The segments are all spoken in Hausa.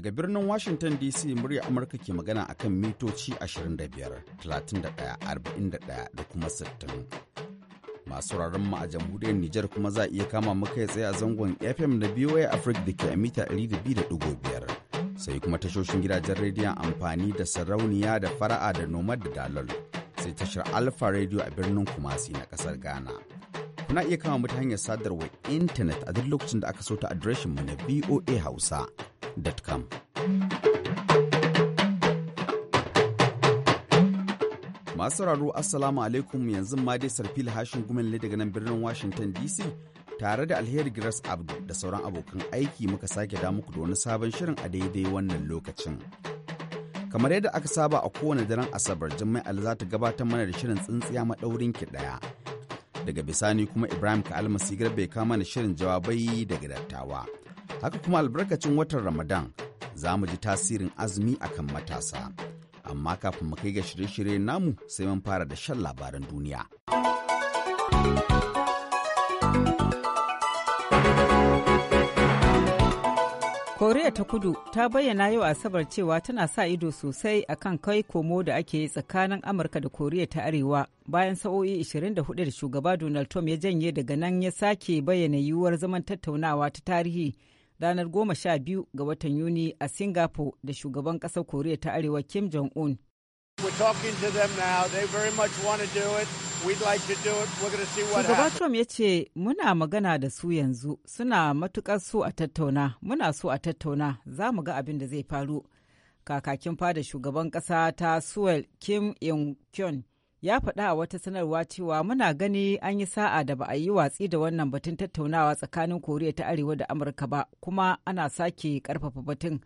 Daga birnin Washington DC murya Amurka ke magana a kan mitoci 25, 31, 41 da kuma 60. Masu mu a jamhuriyar Nijar kuma za a iya kama muka tsaye a zangon FM na BOA Africa da ke a mita 200.5. Sai kuma tashoshin gidajen rediyon amfani da sarauniya da fara'a da nomad da dalol. Sai tashar alfa Radio a birnin Kumasi na kasar Ghana. kuna iya kama mu hanyar sadarwar intanet a duk lokacin da aka so ta adireshin mu na boa hausa hausa.com. Masu sauraro Assalamu alaikum yanzu ma dai sarfil hashin gumin daga nan birnin Washington DC tare da alheri Grace Abdu da sauran abokan aiki muka sake da muku da wani sabon shirin a daidai wannan lokacin. Kamar yadda aka saba a kowane daren Asabar Jummai Ali za ta gabatar mana da shirin tsintsiya maɗaurin ki ɗaya. Daga bisani kuma Ibrahim Ka'al Garba bai kama da shirin jawabai daga dattawa. Haka kuma albarkacin watan Ramadan za mu ji tasirin azumi akan matasa. Amma kafin mu kai ga shirye-shirye namu sai mun fara da shan labaran duniya. Koriya ta kudu ta bayyana yau Asabar cewa tana sa ido sosai akan kai komo da ake yi tsakanin Amurka da Koriya ta Arewa bayan sa'o'i 24 da shugaba Donald Trump ya janye daga nan ya sake bayyana yiwuwar zaman tattaunawa ta tarihi ranar 12 ga watan Yuni a Singapore da shugaban ƙasar Koriya ta Arewa Kim Jong-un. Shugaba Trump ya ce, Muna magana da su yanzu, suna matuƙar so a tattauna, muna so a tattauna, za mu ga abin da zai faru. Kakakin fada shugaban ƙasa ta Suwel Kim yong kyon ya faɗa a wata sanarwa cewa muna gani an yi sa'a da ba a yi watsi da wannan batun tattaunawa tsakanin koriya ta arewa da amurka ba kuma ana sake karfafa batun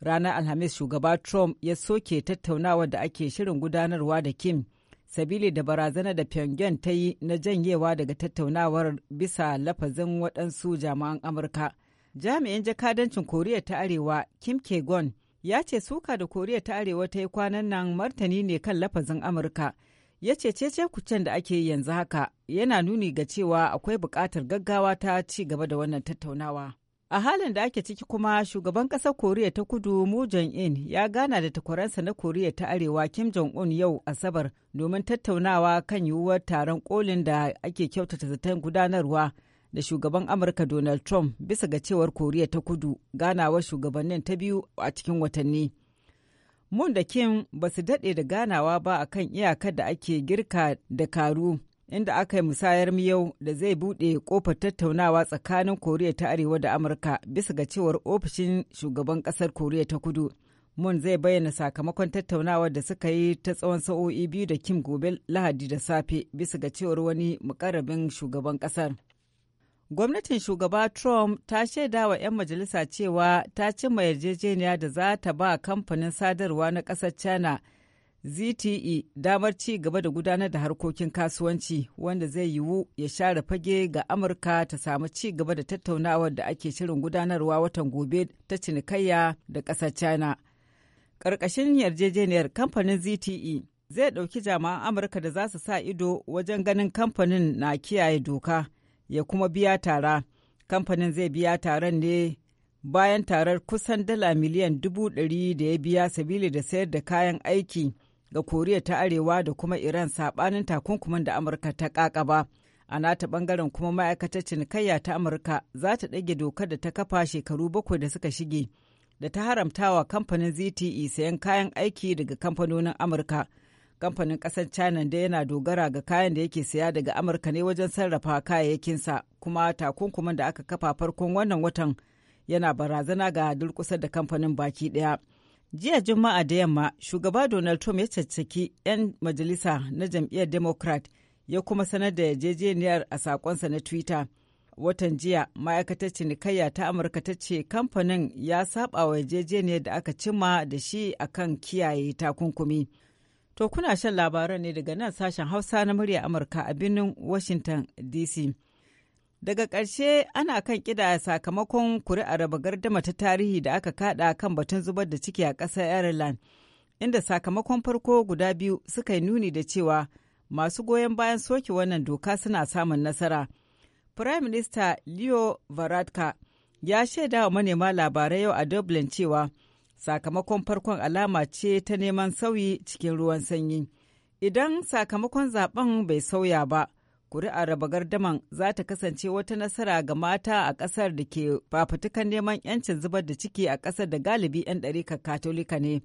ranar alhamis shugaba trump ya soke tattaunawa da ake shirin gudanarwa da kim sabili da barazana da pyongyang ta yi na janyewa daga tattaunawar bisa lafazin waɗansu jami'an amurka jami'in jakadancin koriya ta arewa kim kegon ya ce suka da koriya ta arewa ta yi kwanan nan martani ne kan lafazin amurka ya ce cece kucen da ake yanzu haka yana nuni ga cewa akwai buƙatar gaggawa ta ci gaba da wannan tattaunawa. A halin da ake ciki kuma shugaban ƙasar Koriya ta kudu Mu Jong-in ya gana da takwaransa na Koriya ta Arewa Kim Jong-un yau Asabar domin tattaunawa kan yiwuwar taron kolin da ake kyautata zaton gudanarwa da shugaban Amurka Donald Trump bisa ga cewar Koriya ta kudu ganawar shugabannin ta biyu a cikin watanni. Mun da Kim ba su daɗe da ganawa ba a kan iyakar da ake girka da karu inda aka yi musayar miyau da zai buɗe ƙofar tattaunawa tsakanin Koriya ta Arewa da Amurka bisa ga cewar ofishin shugaban ƙasar Koriya ta Kudu. Mun zai bayyana sakamakon tattaunawa da suka yi ta tsawon sa'o'i biyu da Kim gobe Lahadi da safe bisa ga cewar wani mukarrabin shugaban ƙasar. Gwamnatin shugaba Trump ta shaida wa 'yan majalisa cewa ta cimma yarjejeniya da za ta ba kamfanin sadarwa na ƙasar China ZTE damar ci gaba da gudanar da harkokin kasuwanci wanda zai yiwu ya share fage ga Amurka ta samu ci gaba da tattaunawar da ake shirin gudanarwa watan gobe ta cinikayya da ƙasar China. Ƙarƙashin yarjejeniyar kamfanin ZTE zai ɗauki jama'an Amurka da za su sa ido wajen ganin kamfanin na kiyaye doka. ya kuma biya tara kamfanin zai biya taron ne bayan tarar kusan dala miliyan dubu ɗari da ya biya sabili da sayar da kayan aiki ga koriya ta arewa da kuma iran saɓanin takunkumin da amurka ta ƙaƙaba a nata ɓangaren kuma ma'aikatar cinikayya ta amurka za ta ɗage dokar da ta kafa shekaru bakwai da suka shige da ta haramtawa kamfanin zte sayan kayan aiki daga kamfanonin amurka kamfanin ƙasar china da yana dogara ga kayan da yake siya daga amurka ne wajen sarrafa kayayyakinsa kuma takunkumin da aka kafa farkon wannan watan yana barazana ga kusa da kamfanin baki ɗaya jiya juma'a da yamma shugaba donald trump ya caccaki 'yan majalisa na jam'iyyar democrat ya kuma sanar da yarjejeniyar a sakonsa na twitter watan jiya ma'aikatar cinikayya ta amurka ta ce kamfanin ya saba wa yarjejeniyar da aka cimma da shi akan kiyaye takunkumi To kuna shan labaran ne daga nan sashen Hausa na murya Amurka a birnin Washington DC. Daga ƙarshe ana kan ƙida sakamakon kuri'ar raba gardama ta tarihi da aka kada kan batun zubar da ciki a ƙasar Ireland, inda sakamakon farko guda biyu suka yi nuni da cewa masu goyon bayan soke wannan doka suna samun nasara. Prime Minister Leo Varadkar ya shaida wa manema labarai yau a Dublin cewa sakamakon farkon alama ce ta neman sauyi cikin ruwan sanyi. Idan sakamakon zaben bai sauya ba, kuri'a raba gardaman za ta kasance wata nasara ga mata a ƙasar da ke fafutukan neman 'yancin zubar da ciki a ƙasar da galibi 'yan ɗarika katolika ne.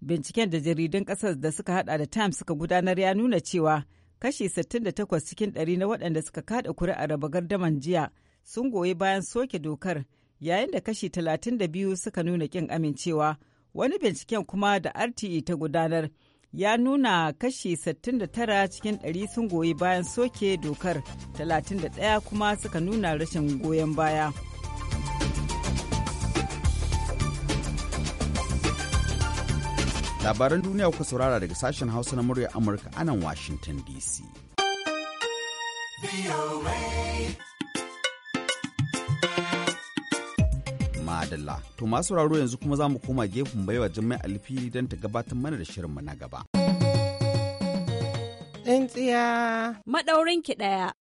Binciken da jaridun ƙasar da suka hada da Times suka gudanar ya nuna cewa kashi 68 cikin 100 na waɗanda suka kada kuri'a raba gardaman jiya sun goyi bayan soke dokar yayin da kashi 32 suka nuna kin amincewa wani binciken kuma da rte ta gudanar ya nuna kashi 69 cikin 100 sun goyi bayan soke dokar 31 kuma suka nuna rashin goyon baya labaran duniya kuka saurara daga sashen hausa na murya amurka anan washington dc madalla. To masu sauraro yanzu kuma za mu koma gefen baiwa Jummai Alfi don ta gabatar mana da shirinmu na gaba. Tsintsiya. Maɗaurin ki ɗaya.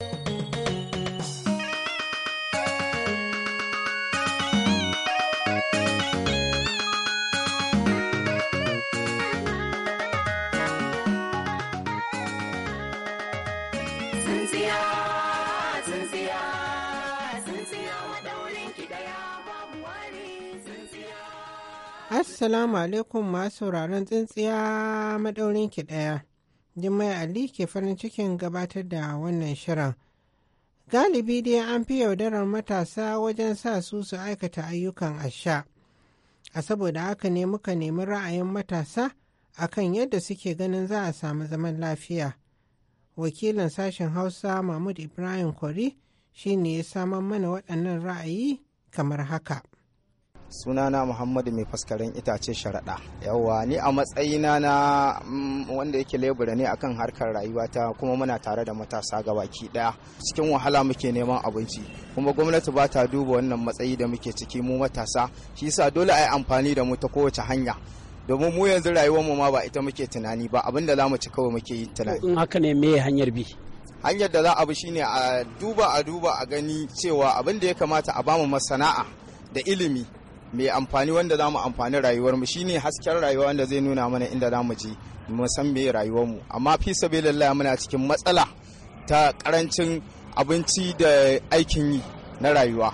Tsintsiya, ɗaya Assalamu alaikum masu sauraron tsintsiya madaurin ki ɗaya. Jummai Ali ke farin cikin gabatar da wannan shirin. Galibi dai an fi yaudarar matasa wajen sa su su aikata ayyukan asha. A saboda haka ne muka nemi ra'ayin matasa akan yadda suke ganin za a samu zaman lafiya. Wakilin sashen Hausa Mahmud Ibrahim Kwari shi ne ya samar mana waɗannan ra'ayi kamar haka. sunana muhammadu mai faskaren itace sharaɗa yawa ni a matsayina na mm, wanda yake lebura ne akan harkar rayuwa ta kuma muna tare da matasa gabaki ɗaya cikin wahala muke neman abinci kuma gwamnati ba ta duba wannan matsayi da muke ciki mu matasa shi sa dole a yi amfani da mu ta kowace hanya domin mu yanzu rayuwarmu ma ba ita muke tunani ba abinda za mu ci kawai muke yi tunani in haka ne me hanyar bi hanyar da za a bi shine a duba a duba a gani cewa abinda ya kamata a bamu masana'a da ilimi mai amfani wanda za mu amfani rayuwar mu shine hasken rayuwa wanda zai nuna mana inda za mu je mu san me rayuwarmu amma fi sabilillah muna cikin matsala ta karancin abinci da aikin yi na rayuwa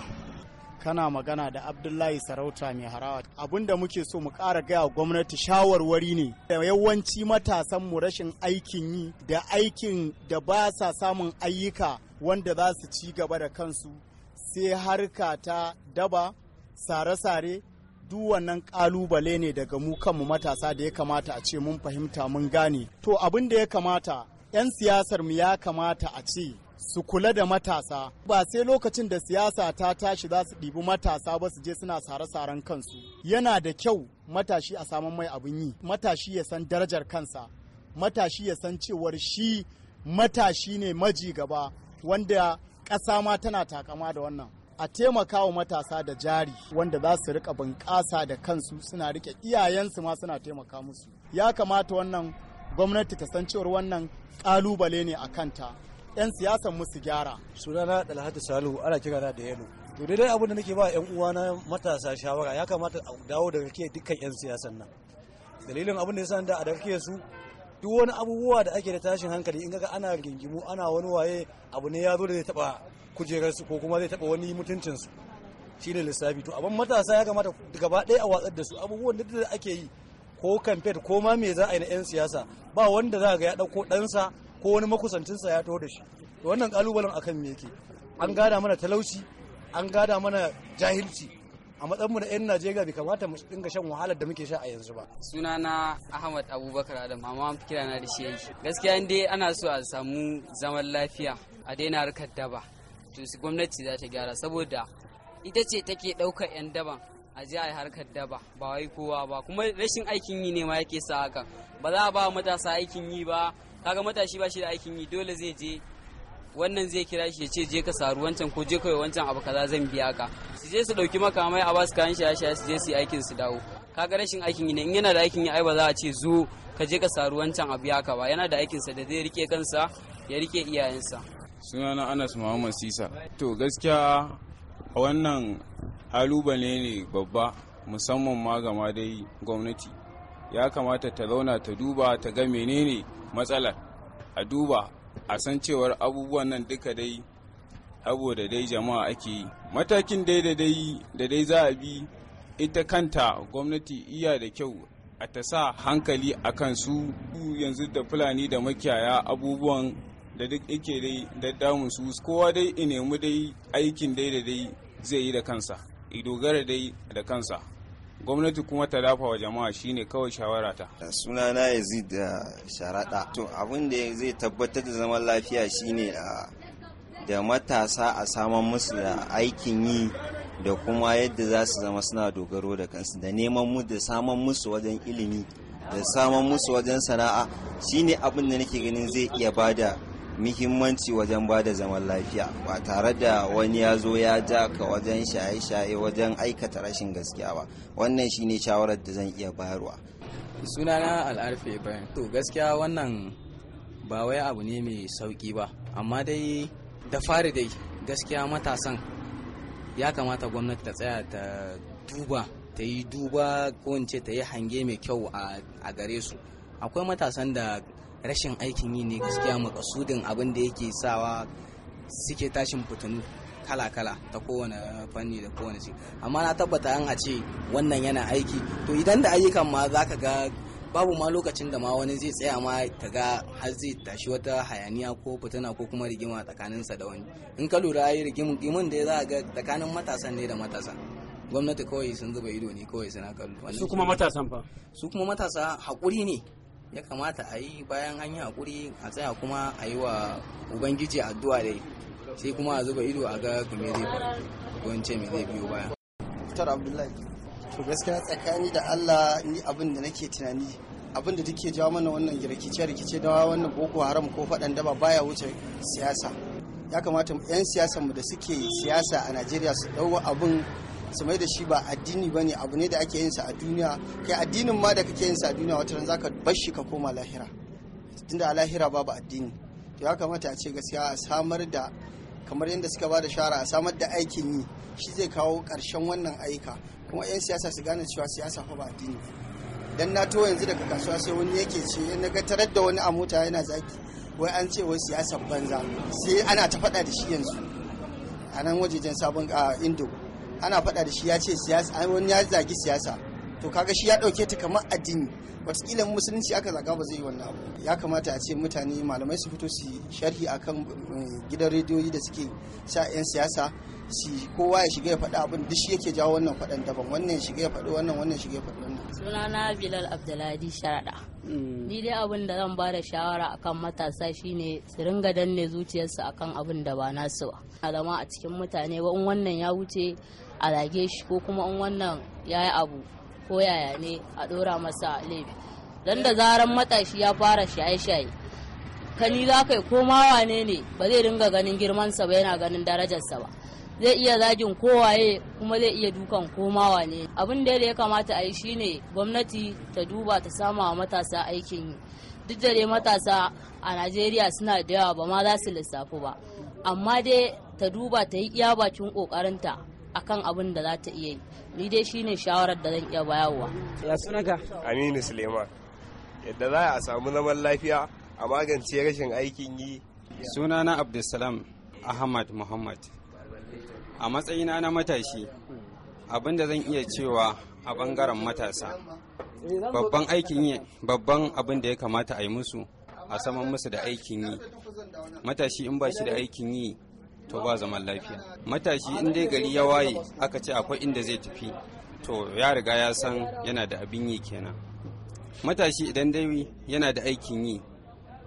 kana magana da abdullahi sarauta mai harawa abin da muke so mu ƙara gaya gwamnati shawarwari ne da yawanci matasan mu rashin aikin yi da aikin da ba sa samun ayyuka wanda za su ci gaba da kansu sai harka ta daba sare-sare duk wannan kalubale ne daga mu kanmu matasa da ya kamata a ce mun fahimta mun gane to abin da ya kamata 'yan siyasar mu ya kamata a ce su kula da matasa ba sai lokacin da siyasa ta tashi za su ɗibi matasa ba su je suna sare-saren kansu yana da kyau matashi a saman mai abin yi matashi ya san darajar kansa matashi ya san cewar shi matashi ne maji gaba wanda ƙasa ma tana takama da wannan a taimaka wa matasa da jari wanda za su rika bunƙasa da kansu suna rike iyayensu ma suna taimaka musu ya kamata wannan gwamnati ta san cewar wannan kalubale ne a kanta 'yan siyasan musu gyara sunana dalhatu salihu ana kira na da yalo to dai abin da nake ba 'yan uwana matasa shawara ya kamata a dawo da rike dukkan 'yan siyasan nan dalilin abin da ya san da a darke su duk wani abubuwa da ake da tashin hankali in ga ana rigingimu ana wani waye abu ne ya zo da zai taba kujerar su ko kuma zai taba wani mutuncinsu shine lissafi to abin matasa ya kamata gaba ɗaya a watsar da su abubuwan da ake yi ko kamfet ko ma me za a yi na 'yan siyasa ba wanda za a ga ya ɗauko ɗansa ko wani makusancinsa ya taho da shi to wannan kalubalen akan me yake an gada mana talauci an gada mana jahilci a matsayinmu na 'yan najeriya bai kamata mu dinga shan wahalar da muke sha a yanzu ba sunana ahmad abubakar adam amma an kira na da shi gaskiya dai ana so a samu zaman lafiya a daina harkar daba to gwamnati za ta gyara saboda ita ce take ɗaukar 'yan daban a ji a harkar daba ba wai kowa ba kuma rashin aikin yi ne ma yake sa haka ba za a ba matasa aikin yi ba kaga matashi ba shi da aikin yi dole zai je wannan zai kira shi ya ce je ka saru wancan ko je kawai wancan abu kaza zan biya ka su je su ɗauki maka makamai a basu kayan shaye shaya su je su yi aikin su dawo kaga rashin aikin yi ne in yana da aikin yi ai ba za a ce zo ka je ka saru wancan a biya ka ba yana da aikin sa da zai rike kansa ya rike iyayensa sunana anas muhammad sisa to gaskiya a wannan halubale ne babba musamman ma gama dai gwamnati ya kamata ta zauna ta duba ta ga menene matsalar a duba a san cewar abubuwan nan duka dai saboda dai jama'a ake yi matakin dai da dai da dai za a bi ita kanta gwamnati iya da kyau a ta sa hankali a kan su yanzu da fulani da makiyaya abubuwan da duk yake dai damun su kowa dai in nemi dai aikin dai da dai zai yi da kansa i dogara dai da kansa gwamnati kuma ta dafa wa jama'a shine kawai shawara ta. suna na yazid da eh, sharaɗa to abin da zai tabbatar da zaman lafiya shine eh, da matasa a saman musu da aikin yi da kuma yadda za su zama suna dogaro da kansu da neman mu da saman musu wajen ilimi da saman musu wajen sana'a shine abin da nake ganin zai iya bada muhimmanci wajen ba da zaman lafiya ba tare da wani ya zo ya ja ka wajen shaye-shaye wajen aikata rashin gaskiya ba wannan shine shawarar da zan iya bayarwa sunana al'arfe ibrahim to gaskiya wannan ba wai abu ne mai sauki ba amma dai da fari dai gaskiya matasan ya kamata gwamnati ta tsaya ta duba ta yi duba ko in ce ta yi hange mai kyau a gare su akwai matasan da rashin aikin yi ne gaskiya makasudin abin da yake sawa suke tashin fitinu kala-kala ta kowane fanni da kowane ci. amma na tabbata an a ce wannan yana aiki to idan da ayyukan ma za ka ga babu ma lokacin da ma wani zai tsaya ma ta ga har zai tashi wata hayaniya ko fitina ko kuma rigima tsakaninsa da wani in ka lura yi rigimin da za ga tsakanin matasan ne da matasa gwamnati kawai sun zuba ido ne kawai suna kallo su kuma matasan fa su kuma matasa haƙuri ne ya kamata a yi bayan an yi hakuri a tsaya kuma a yi wa ubangiji addu'a dai sai kuma a zuba ido a ga game zai ko zai biyo baya Dr. Abdullahi to gaskiya tsakani da Allah ni abin da nake tunani abin da take jawo mana wannan rikice rikice da wannan boko haram ko faɗan daba baya wuce siyasa ya kamata 'yan siyasar mu da suke siyasa a Najeriya su ɗau abin su mai da shi ba addini ba ne abu ne da ake yin sa a duniya kai addinin ma da kake yin sa a duniya wata ran zaka bar shi ka koma lahira tunda a lahira babu addini to ya kamata a ce gaskiya a samar da kamar yadda suka ba da shara a samar da aikin yi shi zai kawo karshen wannan aika kuma 'yan siyasa su gane cewa siyasa fa ba addini dan na to yanzu daga kasuwa sai wani yake ce eh, na ga tarar da wani a mota yana zaki wai an ce wai siyasar banza sai ana ta faɗa da shi yanzu a nan wajejen sabon a indo ana faɗa da shi ya ce siyasa wani ya zagi siyasa to kaga shi ya ɗauke ta kamar addini wataƙila musulunci aka zaga ba zai yi wannan abu ya kamata a ce mutane malamai su fito su sharhi akan eh, gidan rediyoyi da suke sha 'yan siyasa si kowa ya shiga ya faɗi abin duk shi yake jawo wannan faɗan daban wannan ya shiga ya faɗi wannan wannan shiga ya faɗi wannan sunana bilal Abdullahi sharaɗa hmm. ni dai abin da zan bada shawara akan matasa shine su ringa danne zuciyarsu akan abin da ba nasu ba alama a cikin mutane ba in wannan ya wuce a rage shi ko kuma in wannan ya yi abu ko yaya ne a ɗora masa laifi don da zaran matashi ya fara shaye-shaye kani za ka yi koma wane ne ba zai dinga ganin girmansa ba yana ganin darajarsa ba zai iya zagin kowaye kuma zai iya dukan koma wane abin da ya kamata a yi shine gwamnati ta duba ta sama wa matasa aikin yi duk da dai matasa a najeriya suna da yawa ba ma za su lissafu ba amma dai ta duba ta yi iya bakin kokarinta akan abin da za ta iya yi ni dai shine shawarar da zan iya bayarwa ya sunanka aminu suleiman yadda za a samu zaman lafiya a magance rashin aikin yi sunana abdulsalam ahmad muhammad a matsayina na matashi abin da zan iya cewa a bangaren matasa babban aikin yi babban abin da ya kamata a yi musu a saman musu da aikin yi matashi in ba shi da aikin yi to ba zaman lafiya matashi in dai gari ya waye aka ce akwai inda zai tafi to ya riga ya san yana da abin yi kenan matashi idan dai yana da aikin yi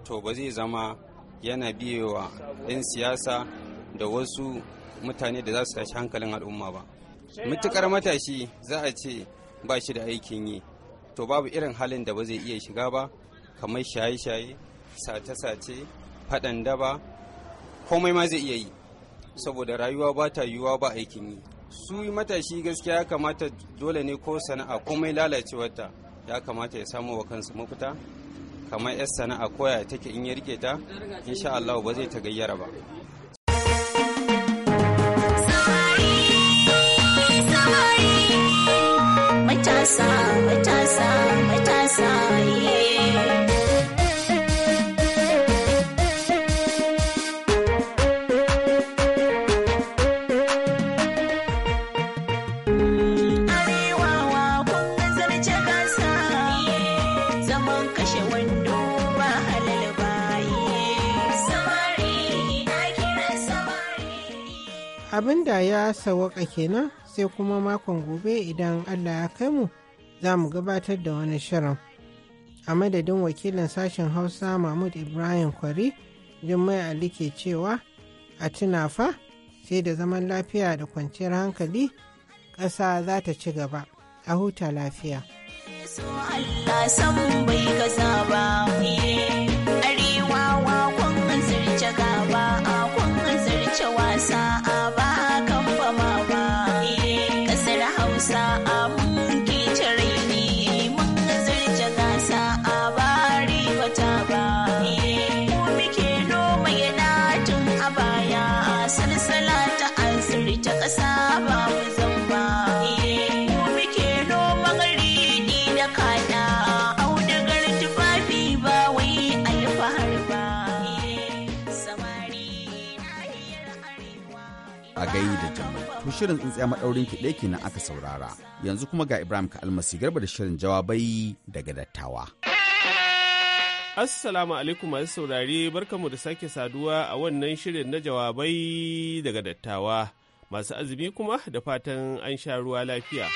to ba zai zama yana biyewa 'yan siyasa da wasu mutane da za su tashi hankalin al'umma ba mutukar matashi za a ce ba shi da aikin yi to babu irin halin da ba zai iya shiga ba kamar shaye-shaye sace-sace faɗan daba komai ma zai iya yi saboda rayuwa ba ta yiwuwa ba aikin yi su yi matashi gaskiya ya kamata dole ne ko sana'a komai lalacewarta ya kamata ya samu wa kansu mafita kamar 'yar sana'a koya take in ya rike ta insha Allah ba zai ta gayyara ba abin da ya sawaka kenan sai kuma makon gobe idan allah ya kai mu za mu gabatar da wani shirin a madadin wakilin sashen hausa mahmud ibrahim kwari jummai ali ke cewa a tunafa sai da zaman lafiya da kwanciyar hankali ƙasa za ta ci gaba a huta lafiya. So Allah san bai gaza ba shirin tsintsiya maɗaurin kiɗe kenan aka saurara. Yanzu kuma ga Ibrahim ka almasi garba da shirin jawabai daga dattawa. Assalamu alaikum masu saurare barkamu da sake saduwa a wannan shirin na jawabai daga dattawa. Masu azumi kuma da fatan an sha ruwa lafiya.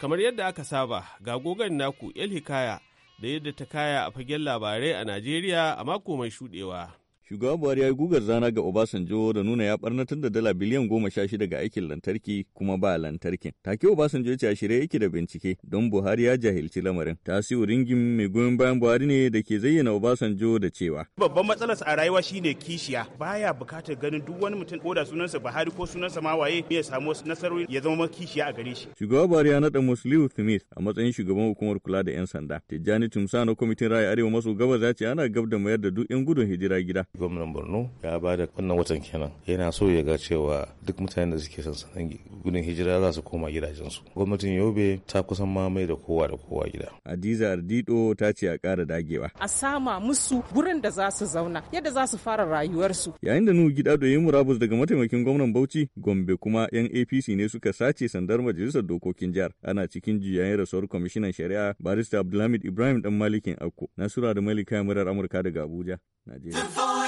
Kamar yadda aka saba, ga gogon naku El Hikaya da yadda ta kaya a fagen labarai a Najeriya a mako mai shuɗewa. Shugaba Buhari ya yi gugar zana ga Obasanjo da nuna ya barnatar da dala biliyan goma sha shida ga aikin lantarki kuma ba lantarkin. Take Obasanjo ce a shirye yake da bincike don Buhari ya jahilci lamarin. Tasiu ringin mai goyon bayan Buhari ne da ke zayyana Obasanjo da cewa. Babban matsalarsa a rayuwa shine kishiya. Baya bukatar ganin duk wani mutum ko da sunansa Buhari ko sunansa ma waye ya samu wasu nasarori ya zama kishiya a gare shi. Shugaba Buhari ya naɗa Musliu Smith a matsayin shugaban hukumar kula da 'yan sanda. Tijjani Tumsa na kwamitin raya Arewa maso gabas ya ce ana gab da mayar da duk 'yan gudun hijira gida. gwamnan borno ya ba da wannan watan kenan yana so ya ga cewa duk mutanen da suke sansanin gudun hijira za su koma gidajensu gwamnatin yobe ta kusan mamaye da kowa da kowa gida adiza ardido ta ce a ƙara dagewa a sama musu gurin da za su zauna yadda za su fara rayuwarsu yayin da nuhu gida doyin murabus daga mataimakin gwamnan bauchi gombe kuma yan apc ne suka sace sandar majalisar dokokin jihar ana cikin jiyayen rasuwar kwamishinan shari'a barista abdulhamid ibrahim dan malikin akko nasura da malika murar amurka daga abuja najeriya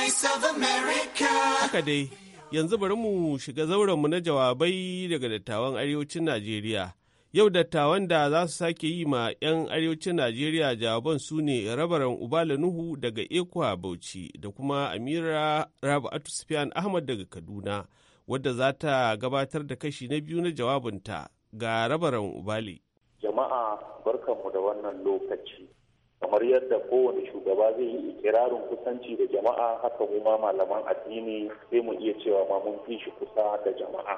Voice of America. Haka dai, yanzu bari mu shiga zaurenmu na jawabai daga dattawan arewacin Najeriya. Yau dattawan da za su sake yi ma 'yan arewacin Najeriya jawaban su ne rabaran Ubala Nuhu daga Ekwa Bauchi da kuma Amira Rabu Sufyan Ahmad daga Kaduna, wadda za ta gabatar da kashi na biyu na jawabinta ga rabaran Ubali. Jama'a barkanmu da wannan lokaci. kamar yadda kowane shugaba zai yi ikirarin kusanci da jama'a haka mu ma malaman addini sai mu iya cewa ma mun fi shi kusa da jama'a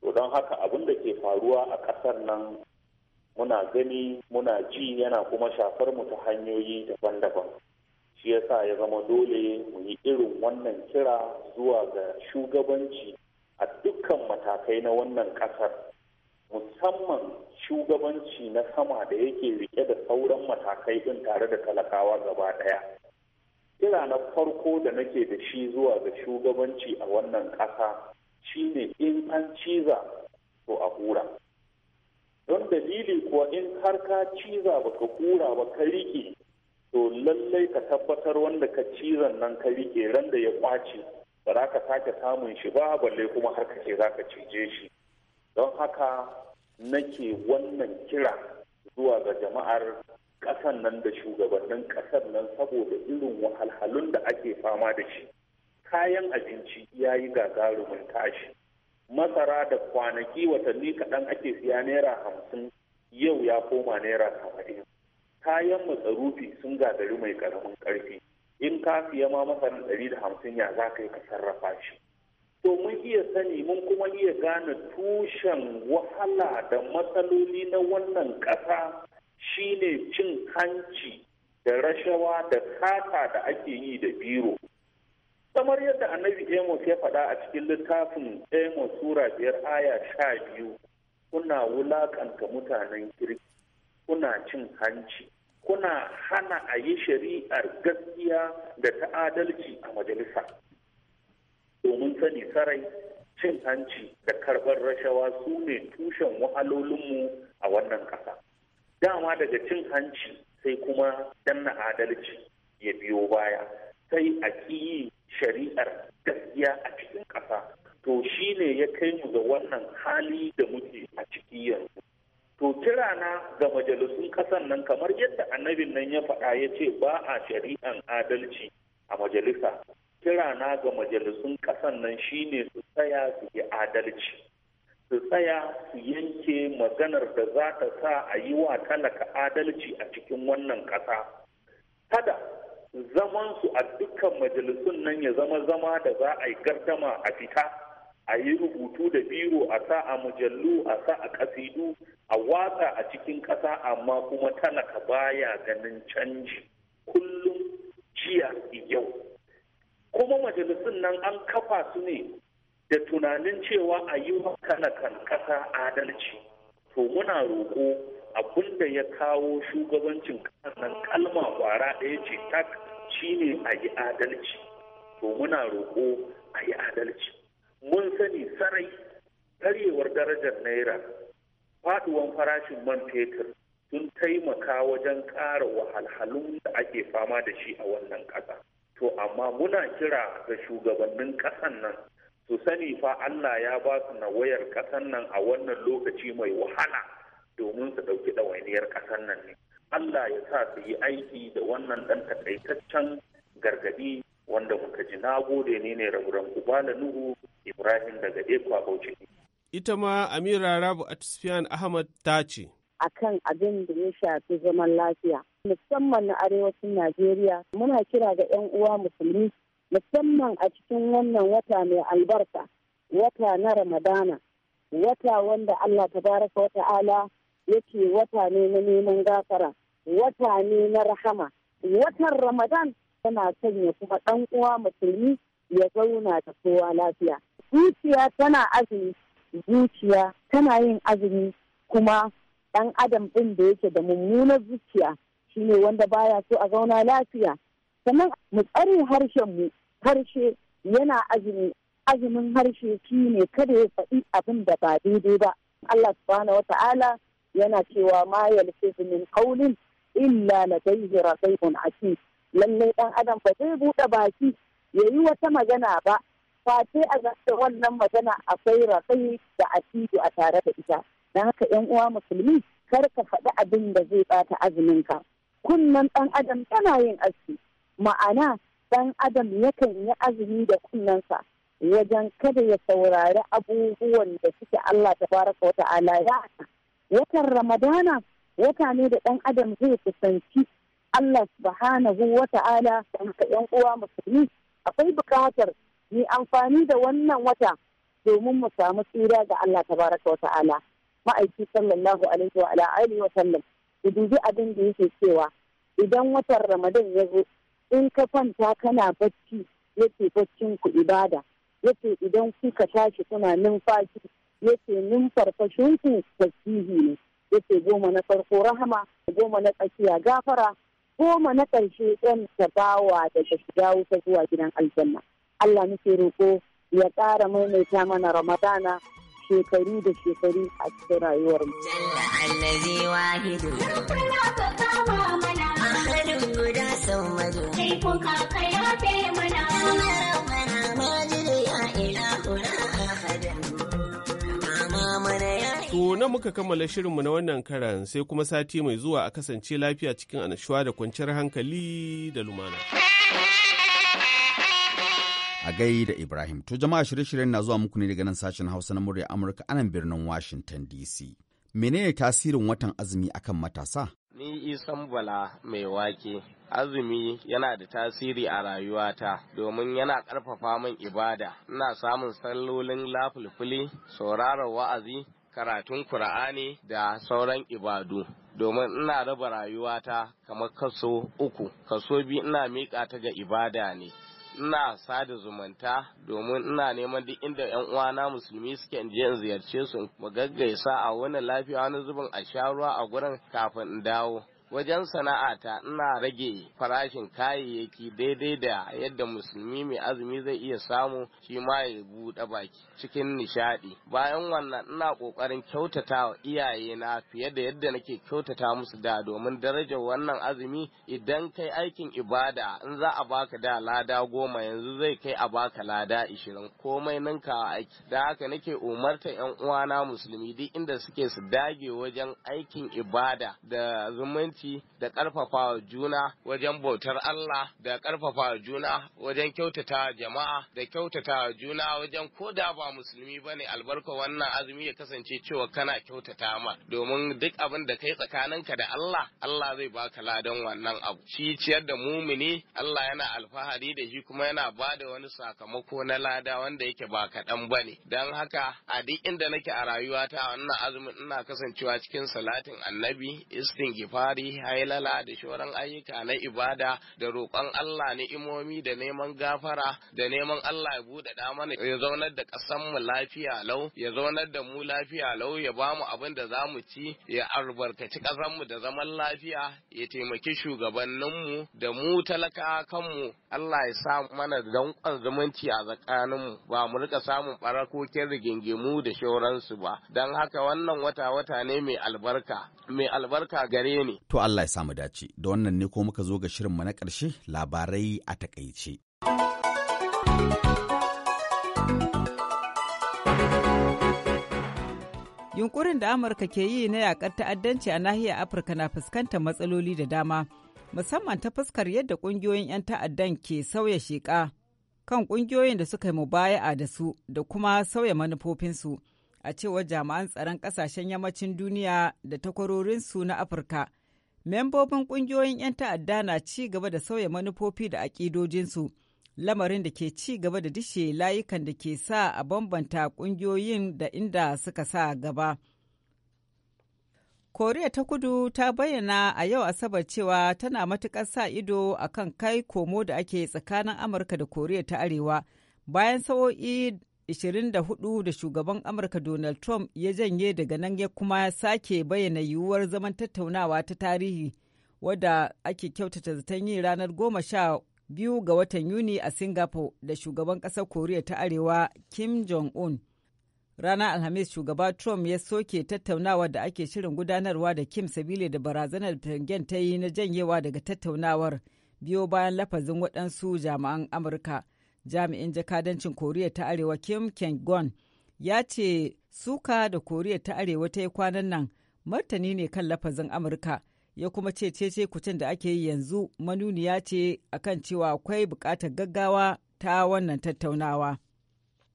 to don haka abin da ke faruwa a ƙasar nan muna gani muna ji yana kuma shafar mu ta hanyoyi daban-daban shi yasa ya zama dole mu yi irin wannan kira zuwa ga shugabanci a dukkan matakai na wannan ƙasar musamman shugabanci na sama da yake rike da sauran matakai ɗin tare da talakawa gaba ɗaya kira na farko da nake da shi zuwa ga shugabanci a wannan ƙasa shine in an ciza to a hura don dalili kuwa in har ka ciza ba ka hura ba ka riƙe to lallai ka tabbatar wanda ka cizan nan ka riƙe ran da ya ƙwace ba za ka sake samun shi ba balle kuma har ka ce za ka cije shi don haka nake wannan kira zuwa ga jama'ar ƙasan nan da shugabannin ƙasar nan saboda irin wahalhalun da ake fama da shi kayan abinci ya yi gagarumin tashi masara da kwanaki watanni kaɗan ake siya naira hamsin yau ya koma naira tamanin kayan matsarufi sun gagari mai ƙaramin ƙarfi in ka siya ma masarar ɗari da hamsin ya za ka yi ka sarrafa shi to mun iya sani mun kuma iya gane tushen wahala da matsaloli na wannan ƙasa shine cin hanci da rashawa da kata da ake yi da biro kamar yadda annabi amos ya faɗa a cikin littafin amos sura biyar aya sha biyu kuna wulaƙanta mutanen kirki kuna cin hanci kuna hana a yi shari'ar gaskiya da ta adalci a majalisa domin sani sarai cin hanci da karɓar rashawa su ne tushen wahalolinmu a wannan ƙasa. Dama daga cin hanci sai kuma danna adalci ya biyo baya sai a ƙiyi shari'ar gaskiya a cikin ƙasa. To shi ne ya kai mu ga wannan hali da muke a ciki yanzu. To kirana ga majalisun ƙasan nan kamar yadda annabin nan ya faɗa ya ce ba a shari'an adalci a majalisa Kirana ga majalisun ƙasan nan shine su tsaya su yi adalci su tsaya su yanke maganar da za ta sa a yi wa talaka adalci a cikin wannan ƙasa kada zaman su a dukkan majalisun nan ya zama zama da za a yi gardama a fita a yi rubutu da biro a sa a mujallu a sa a kasidu a watsa a cikin ƙasa amma kuma talaka baya ganin canji kullum jiya yau kuma majalisun nan an kafa su ne da tunanin cewa a yi wa kanakan kasa adalci to muna roƙo abin ya kawo shugabancin kasan kalma kwara ɗaya ce tak shine a yi adalci to muna roƙo a yi adalci mun sani sarai karyewar darajar naira faduwan farashin man fetur sun taimaka wajen ƙara wahalhalun da ake fama da shi a wannan ƙasa to amma muna kira ga shugabannin ƙasan nan su sani fa Allah ya ba su na wayar ƙasan nan a wannan lokaci mai wahala domin su ɗauki ɗawainiyar ƙasan nan ne Allah ya sa su yi aiki da wannan ɗan takaitaccen gargadi wanda muka ji na gode ne ne raburan kubala nuhu ibrahim daga ekwa bauchi ita ma amira rabu atisfiyan ahmad ta ce a kan abin da ya shafi zaman lafiya musamman na arewacin najeriya muna kira ga 'yan uwa musulmi musamman a cikin wannan wata mai albarka wata na ramadana wata wanda allah tabaraka wa ta'ala yake wata ne na neman gafara wata ne na rahama watan ramadan tana sanya kuma ɗan uwa musulmi ya zauna ta kowa lafiya zuciya tana azumi zuciya tana yin azumi kuma dan adam ɗin da yake da mummunar zuciya shine wanda baya so a zauna lafiya sannan mu tsare harshen mu harshe yana azumi azumin harshe shine kada ya faɗi abin da ba daidai ba Allah subhanahu wata'ala yana cewa ma yalfizu min qawlin illa ladayhi raqibun atid lallai dan adam ba zai buɗe baki yayi wata magana ba face a zanta wannan magana akwai raƙai da atidu a tare da ita don haka yan uwa musulmi kar ka faɗi abin da zai azumin ka. Kunnan ɗan adam tana yin aski ma'ana ɗan adam yakan yi azumi da kunnensa wajen kada ya saurari abubuwan da suke Allah ta baraka wata ya watan ramadana wata ne da ɗan adam zai kusanci Allah subhanahu wa ta'ala yan uwa musulmi akwai bukatar yi amfani da wannan wata domin mu samu tsira ga Allah tabaraka wa ta'ala ma'aiki sallallahu alaihi wa ala wa sallam ku dubi abin da yake cewa idan watan ramadan ya zo in ka kwanta kana bacci yake baccin ku ibada yake idan kuka tashi kuna numfashi yake numfarfashin ku tasbihi ne yake goma na farko rahama goma na tsakiya gafara goma na ƙarshe ɗan tabawa daga shiga wuta zuwa gidan aljanna Allah muke roƙo ya ƙara maimaita mana ramadana shekaru da shekaru a cikin rayuwar mu. To na muka kammala shirinmu na wannan karan sai kuma sati mai zuwa a kasance lafiya cikin annashuwa da kwanciyar hankali da lumana. a gai da Ibrahim. To jama'a shirye-shiryen na zuwa muku ne daga nan sashen Hausa na murya Amurka anan birnin Washington DC. Menene tasirin watan azumi akan matasa? Ni Isan Bala mai wake. Azumi yana da tasiri a rayuwata domin yana ƙarfafa min ibada. Ina samun sallolin lafulfuli, sauraron wa'azi, karatun Kur'ani da sauran ibadu. domin ina raba rayuwata kamar kaso uku kaso biyu ina miƙa ta ga ibada ne ina sada zumunta domin ina neman duk inda yan uwana musulmi suke in je in ziyarce su mu gaggaisa a wani lafiya wani zubin a sha ruwa a gurin kafin in dawo wajen sana'a ta ina rage farashin kayayyaki daidai da yadda musulmi mai azumi zai iya samu shi ma ya buɗe baki cikin nishaɗi bayan wannan ina ƙoƙarin kyautata wa iyayena fiye da yadda nake kyautata musu da domin darajar wannan azumi idan kai aikin ibada in za a baka da lada goma yanzu zai kai a baka lada ishirin komai ninka aiki da haka nake umarta yan uwana musulmi duk inda suke su dage wajen aikin ibada da zumunci zumunci da ƙarfafawa juna wajen bautar Allah da ƙarfafawa juna wajen kyautata jama'a da kyautata juna wajen ko da ba musulmi ba ne albarka wannan azumi ya kasance cewa kana kyautata ma domin duk abin da kai tsakaninka da Allah Allah zai baka ladan wannan abu shi ciyar da mumini Allah yana alfahari da shi kuma yana ba da wani sakamako na lada wanda yake ba kaɗan ba ne don haka a duk inda nake a rayuwata wannan azumin ina kasancewa cikin salatin annabi istingifari. tsarki hailala da shoran ayyuka na ibada da roƙon Allah ni'imomi da neman gafara da neman Allah ya buɗaɗa mana ya zaunar da ƙasar mu lafiya lau ya zaunar da mu lafiya lau ya ba mu abin da zamu ci ya albarkaci ƙasar mu da zaman lafiya ya taimaki shugabanninmu da mu talaka kanmu Allah ya sa mana danƙon zumunci a tsakaninmu ba mu rika samun ɓarakokin rigingimu da su ba dan haka wannan wata wata ne mai albarka mai albarka gare ni To Allah ya samu dace, da wannan ne ko muka zo ga shirinmu na ƙarshe labarai a takaice. Yunkurin da Amurka ke yi na yakar ta'addanci a nahiyar Afirka na fuskantar matsaloli da dama, musamman ta fuskar yadda ƙungiyoyin 'yan ta'addan ke sauya sheƙa kan ƙungiyoyin da suka yi mubaya'a da su da kuma sauya manufofinsu a cewar jami'an tsaron ƙasashen yammacin duniya da takwarorinsu na Afirka. Membobin ƙungiyoyin 'yan ta'adda na ci gaba da sauya manufofi da aƙidojinsu, lamarin da ke ci gaba da dishe layukan da ke sa a bambanta ƙungiyoyin da inda suka sa gaba. Koriya ta kudu ta bayyana a yau Asabar cewa tana matuƙar sa ido a kan kai komo da ake tsakanin Amurka da Koriya ta Arewa bayan sa'o'i 24 da shugaban Amurka Donald Trump ya janye daga nan ya kuma sake bayyana yiwuwar zaman tattaunawa ta tarihi wadda ake kyautata zaton yi ranar 12 ga watan Yuni a Singapore da shugaban ƙasar Koriya ta Arewa Kim Jong-un. Ranar Alhamis shugaba Trump ya soke tattaunawa da ake shirin gudanarwa da Kim sabili da barazanar tangen ta yi na janyewa daga tattaunawar biyo bayan lafazin waɗansu jami'an Amurka. jami'in jakadancin koriya ta arewa kim kyong-gon ya ce suka da koriya ta arewa ta yi kwanan nan martani ne kan lafazin amurka ya kuma ce cece kucin da ake yi yanzu manuniya ce akan cewa akwai bukatar gaggawa ta wannan tattaunawa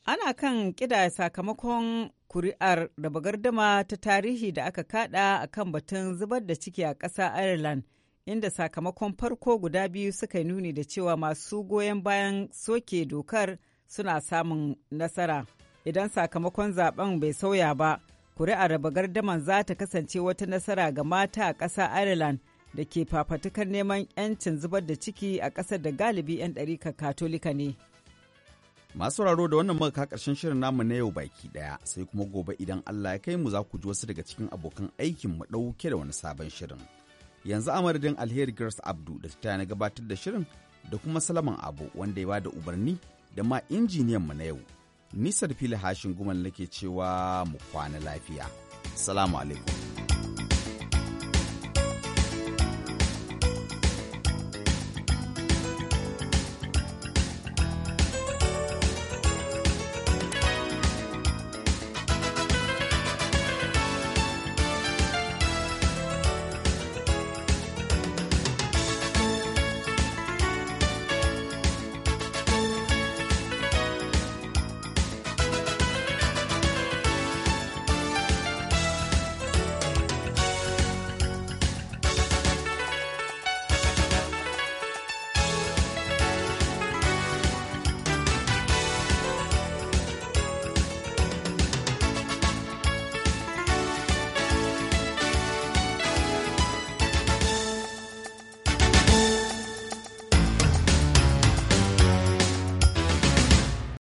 ana kan kida sakamakon kuri'ar da bagardama ta tarihi da aka kada akan batun zubar da ciki a ƙasa ireland inda sakamakon farko guda biyu suka nuni da cewa masu goyon bayan soke dokar suna samun nasara. Idan sakamakon zaben bai sauya ba, kuri'ar raba gardaman za ta kasance wata nasara ga mata a ƙasa Ireland da ke fafatukar neman 'yancin zubar da ciki a ƙasar da galibi 'yan ɗarika katolika ne. Masu raro da wannan muka karshen shirin namu na yau baki daya sai kuma gobe idan Allah ya kai mu za ku ji wasu daga cikin abokan aikin mu ɗauke da wani sabon shirin. yanzu amadadin alheri grace abdu da ta na gabatar da shirin da kuma salaman abu wanda ya ba da umarni da ma injiniyan mu na yau nisar fili hashin guman nake cewa mu kwana lafiya salamu alaikum